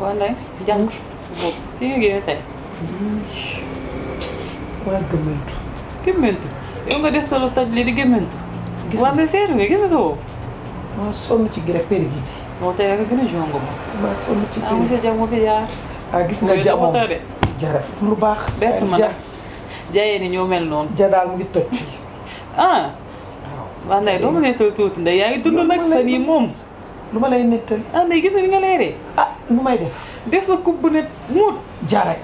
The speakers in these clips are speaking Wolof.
wala jàng bopp fi nga génne tey. waa gëmmentu. gëmmentu yow des sa toj li di gëmmentu. gis nga seetu gis nga sa bopp. maa sonn gi. moo tey rek gën a jongo ma. maa sonn ci gerte ah monsieur Diakhoum fi jaar. ah gis nga jamono jara lu baax. bett ma nag jaayee ni ñoo doo ma nettali tuuti gis ni nga nu may def def sa coupe bu ne Jarek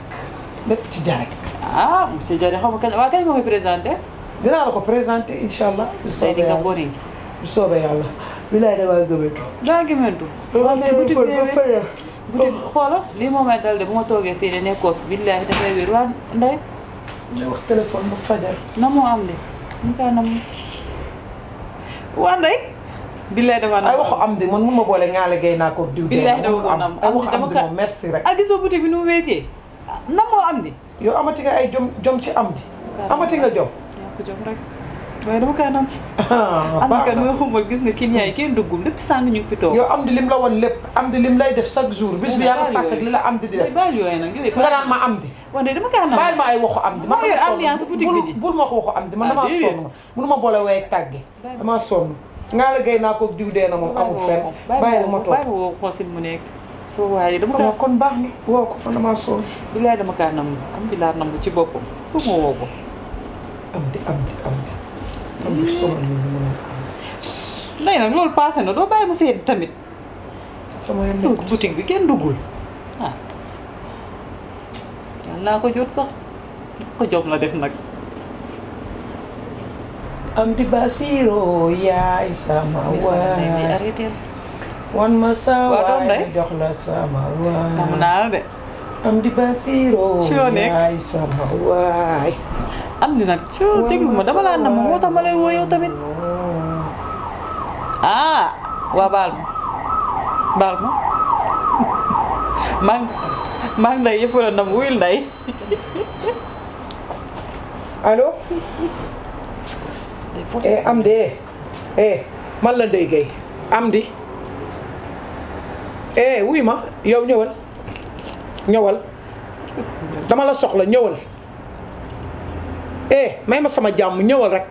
def ci Jarek. ah monsieur Jarek xam nga kañ waaw kañ ma koy présenté. dinaa la ko présenté incha allah. bu soobee yàlla soobee yàlla. bilaay da maa gëmëntu. daa gëmëntu. waaw mais bu tibbeewee bu tib xoola lii moo may dal de bu ma toogee fii ne nekkoo fi bilaay dafay wér waa Ndeye. nga wax téléphone bu fajar. na moo am de. ñu kaa na mu. waa Ndeye. billaay dama naan ay waxu am di man mun ma boole ñaale gay naa ko diw. billaay dama ko am bi nu mu wéetee nan am di. yow amati ay jom jom ci am di. amati nga jom. yaa ko jom rek waaye dama kaa nam. Ah, na kan mooy xumal gis nga kii ñaay kenn duggul lépp sàng ñu ngi fi toog. yow am di lim la woon bi yàlla sàkk ak li la am di di def. baal yooyu nag ma am di. wante dama kaa nam baal ma ay waxu am di. ma yor ambiance ma wax ah, ma boole waaye tàgge damaa sonn naa la gay naa ko diw dee na moom amul fenn. bàyyi la ma mu nekk. soo waaye dama kaa kon baax ni woo man am di laa a. léegi nag loolu na doo bàyyi mu seet tamit. sama yeneen bi kenn duggul ah. naa ko jot sax ko jot la def nag. am di Basiro yaay sama waay wan ma sa waay jox la sama waay waay am di nag coo ma dama laa nam moo tax ma lay woo yow ah, waa baal ma baal ma maa ngi maa ngi lay yëpp la nam wuyul nday eh Amdi eh man la Ndeye Gueye Amdi eh wuy ma yow ñëwal ñëwal dama la soxla ñëwal eh may ma sama jàmm ñëwal rek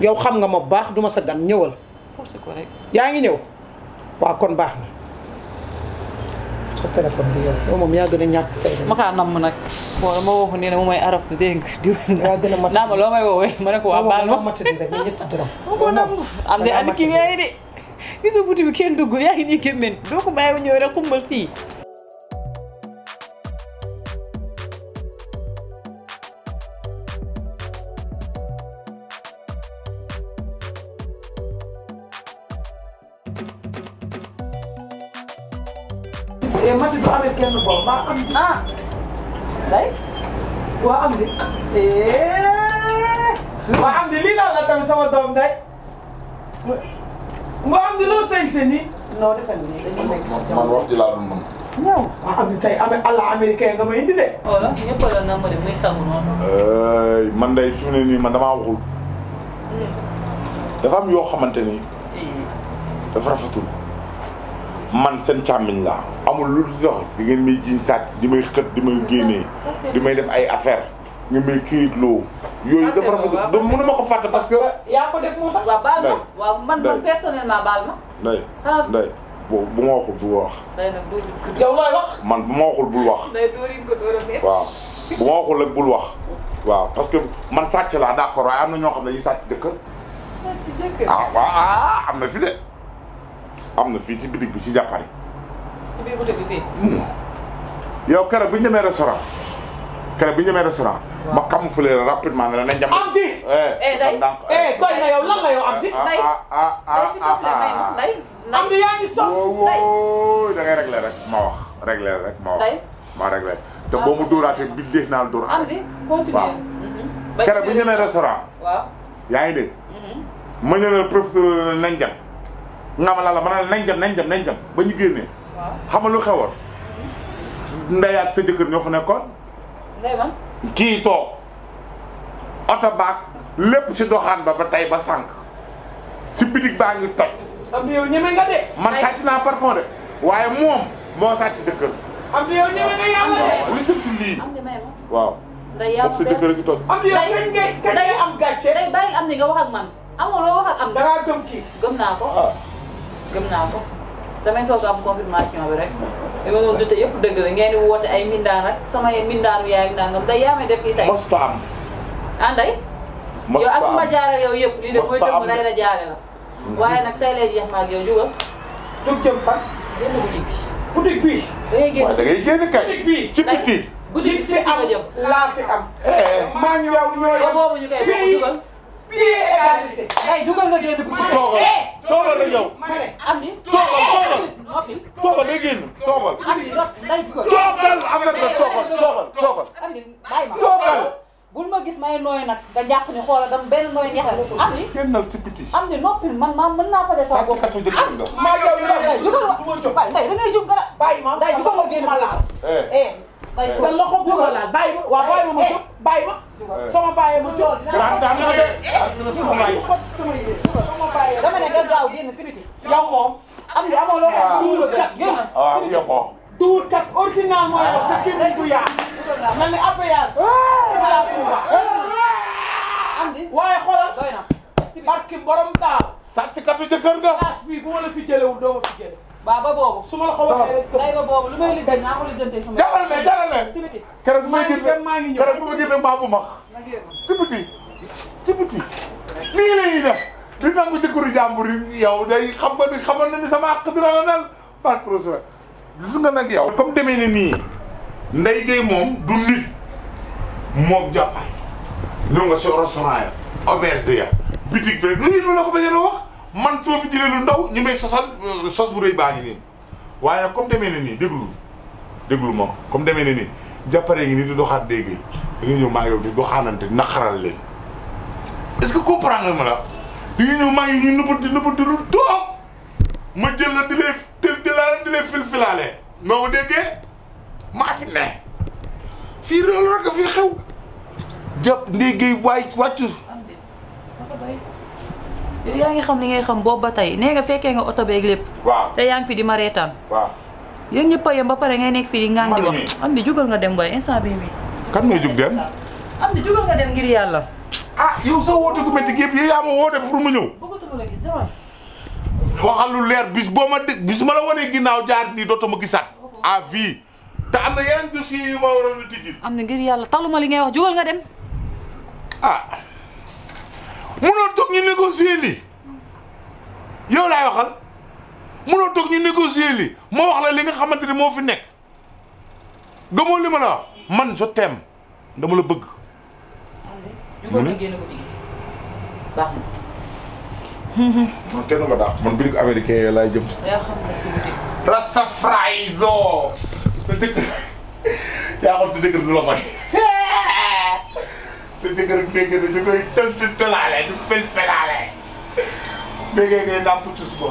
yow xam nga ma baax duma sa gan ñëwal. forcé ko yaa ngi ñëw waaw kon baax na. sa téléphone bi yow yow moom yaa gën a ñàkk fay ma kaa namm nag bon dama woo ko nee na mu may araf te dégg nga diw yaa gën a mat naa ma loo may woowee ma ne ko waa baal ma mat rek nga ñetti dërëm ma ko namm am de andi client yi de gis nga boutique bi kenn dugg yaa ngi nii gémmen doo ko bàyyi ma ñëw rek xumbal fii boobu maa am ah day waa am di eh. waa am di lii lan la tamit sama doom day mu am di loo sañ seen nii non defal nii dañuy nekk man wax ji laa doon mën ñëw waa am di tey ame allah américain nga may indi de wala ñëpp la na ma de muy sangu noonu eh, man day fi mu ne nii man damaa waxul mm. dafa am yoo xamante nii eh. dafa rafetul man seen càmmiñ laa amul lu dox di ngeen may jiñ sàcc di may xët di may génnee di may def ay affaire nga may kiit loo yooyu dafa rafetlu da mënuma ko fàtte parce que. yaa ko def moo tax waaw baal ma waaw man man personnellement baal ma. ndey ah. ndey boo bu ma waxul bul wax. yow looy wax. man bu ma waxul bul wax. ndey dóorin ko dóoramee. waaw bu ma waxul rek bul wax. waaw parce que man sàcc laa d'accord waaye am na ñoo xam ne dañuy sàcc dëkk. sàcc dëkk ah waaw ah, ah am na fi de. am na fii ci bitig bi ci jàppari bi fii. Hmm. yow keroog bi ñu demee restaurant keroog bi ñu demee restaurant. ma camoufler rapidement ne la nañ dem. am di. eh, eh day ngi sos. rek ma wax réglé rek ma wax. ma réglé te boo mu dóoraatee naa la dóor. am di mm-hmm. bi ñu restaurant. yaa ngi dégg. Mm-hmm. ma ñëw ne profité nañ nga ma la ma ne nañ nañ dem nañ dem ba ñu génnee. waaw xam nga lu xewoon. Ndeye ak sa jëkkër ñoo fa nekkoon. kii toog oto baag lépp si doxaan ba ba tey ba sànq si bitig baa ngi toj. am yow ñeme naa parfum de waaye moom moo sàcc jëkkër. am yow ñeme sa jëkkër a ngi toj. am yow kañ ngay kañ ngay am gàcce. am ni nga wax ak man amoo loo wax ak am. da ngaa gëm kii gëm naa ko. Ah. gëm naa ko damay soog am confirmation bi rek li ma doon dute yëpp dëgg la ngeen di woote ay mindaan ak samay mindaanu yaay ak nangam def nii tey. mosta am. ah Ndeye. yow ak ma jaare yow yëpp lii de mooy dëgg lay la jaare la. waaye nag tey lay jeex ma ak jugal. jug jëm fan. génn boutique bi. boutique bi. da ngay génn waaw da ngay génn kay. boutique bi ci biti. boutique bi ci am laa fi am. Eh, eh. maa ñu yow ñoo yem boobu jugal. pire égalité. tey jugal nga génn ku ci toogal toogal ak yow. am ni toogal toogal. noppi toogal bi toogal toogal toogal. am ni bàyyi ma toogal. bul ma gis may nooy nag nga jàpp ni xoolal dam benn nooy neex la am ni. génnal ci biti. am ni noppi man naa fa de. sax katu jugal ma. waaye tey da jugal ma génn ma laal. Eh. Eh. sa loxo bu ko laal bàyyi ma waaw bàyyi ma ma eh. jóg bàyyi ma. Eh. soo ma bàyyee ma jóg. waaw daa nga ne dama ne nga gaaw génn si biti. yow moom am na amoo loo duul kat génn. waaw ah. ah, yow duul kat original mooy yow sa kii bu yaa. na ne appayage. waaye xoolal doy na. barki borom taal. sàcc katu jëkkër nga. place bi bu ma la fi jëlewul doo ma fi jële baaba boobu su ma la ko waxee rek day ba boobu lu may maa ngi ñëw keroog bu ma génne maa bu max ci biti ci biti lii la ñuy def di nangu jëkkëru jàmbur yi yow day xam nga ni xamoon na ni sama àq dina la dal par projet gis nga nag yow comme demee ne nii Ndeye Gueye moom du nit moog jàppaay ñoo nga ya auberge ya bitig bi rek lu ñu la man soo fi jëlee lu ndaw ñu may sosal euh, sos bu rëy baa ngi nii waaye nag comme demee na nii déglu déglu moom comme demee na nii jàppare ngi nii di doxaat dégg da nga ñëw maa ngi yow di doxaanante naqaral leen est que comprendre ma la di nga ñëw maa ngi ñu nëbbante nëbbante lu doom ma jël la di lee tël tëlaale di lee filfilaale noo ma déggee maa fi ne fii loolu rek a fi xew jàpp ndéggéey waay wàccu yaa ngi xam li ngay xam boobu ba tey nee nga fekkee nga oto beeg lépp. waaw te yaa ngi fi di ma reetaan. waaw yéen ñëpp a ba pare ngay nekk fii di ngaan di wax. am di nga dem waaye instant bii. kan ngay jug dem. am di jugal nga dem ngir yàlla. Ah, yow sa woote gu ma woote pour mu ñëw. bëggatuma la gis dama. waxal lu leer bis boo ma dégg bis ma la wanee ginnaaw jaar nii dootuma gisaat à vie te am ma waroon a tijji. am na ngir yàlla taluma li ngay wax jugal nga dem. ah. munoo toog ñu négocier lii yow laay waxal munoo toog ñu négocier lii moo wax la li nga xamante ne moo fi nekk gëmoo li ma la man je t'aime dama la bëgg. mu ne baax na. man kenn ma daax man laay jëm. yaa xam ne fi dëkk yaa la may. sa jëkkër ak béykat yi ñu koy tëntu tëlaale du fel felaale béykat yi ngay nàmp tus ko.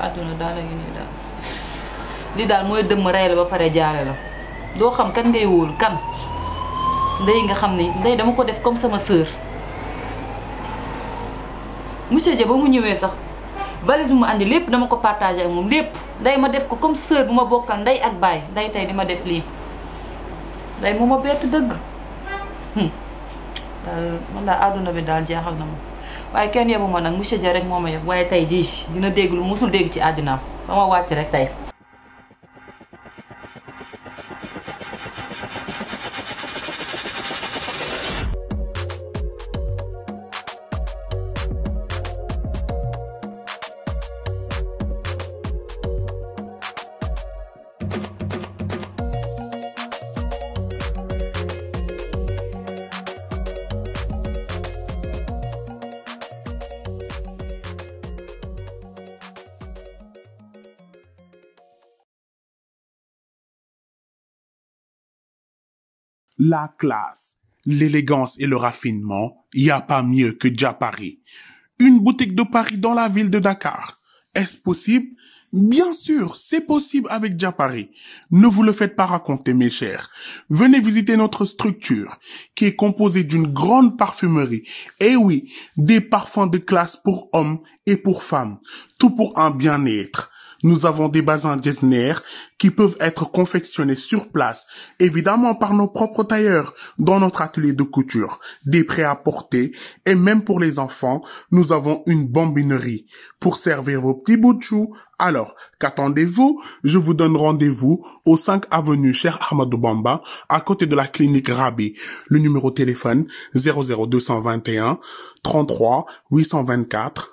àdduna daal la mooy dëmm rey la ba pare jaare la doo xam kan ngay wóolu kan ndey nga xam ni ndey dama ko def comme sama sœur monsieur Dia ba mu ñëwee sax valise bi mu àndi lépp dama ko partage ak moom lépp ndey ma def ko comme sœur bu ma bokkal ndey ak baay ndey tey di ma def lii. day moom a bett dëgg hmm. daal man daal àdduna bi daal jaaxal na moom waaye kenn yebu ma nag monsieur Dia rek moo ma yeb waaye tey jii dina dégg lu musul dégg ci àddinaam ba ma wàcc rek tey la classe, l'élégance et le raffinement, y a pas mieux que Diapari. Une boutique de Paris dans la ville de Dakar. Est-ce possible? Bien sûr, c'est possible avec Diapari. Ne vous le faites pas raconter, mes chers. Venez visiter notre structure, qui est composée d'une grande parfumerie. Eh oui, des parfums de classe pour hommes et pour femmes. Tout pour un bien-être Nous avons des bazins Gesner qui peuvent être confectionnés sur place, évidemment par nos propres tailleurs, dans notre atelier de couture, des prêts à porter, et même pour les enfants, nous avons une bombinerie pour servir vos petits bouts de chou. Alors, qu'attendez-vous Je vous donne rendez-vous au 5 avenue Cher Ahmadou Bamba, à côté de la clinique Rabi. Le numéro de téléphone 00221 33 824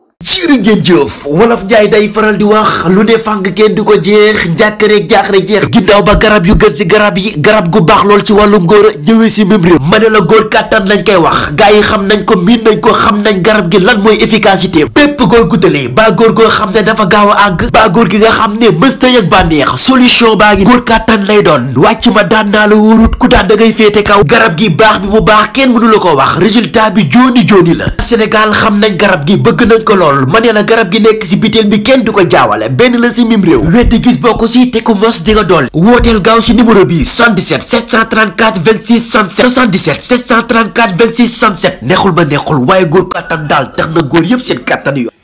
jiiri ngeen jëf wolof njaay day faral di wax lu ne fàng kenn di ko jeex njàkk rek jaax rek jeex ginnaaw ba garab yu gën si garab yi garab gu baax lool ci wàllum góor ñëwee si même réew ma ne la góor kàttan lañ koy wax gars yi xam nañ ko miin nañ ko xam nañ garab gi lan mooy efficacité bépp góor guddalee baa góor goo xam ne dafa gaaw a àgg baa góor gi nga xam ne mës na yëg bànneex solution baa ngi góor kàttan lay doon wàcc ma daan naa la wóorut ku daan da ngay féete kaw garab gi baax bi bu baax kenn mënu la ko wax résultat bi jooni jooni la Sénégal xam nañ garab gi bëgg nañ ko lool lool ma ne garab gi nekk si bitéel bi kenn du ko jaawale benn la si mim réew weddi gis bokk si te ku mos di wooteel gaaw si numéro bi 77 734 26 67 77 734 26 67 neexul ba neexul waaye góor kàttan daal tax na góor yëpp seen kàttan yo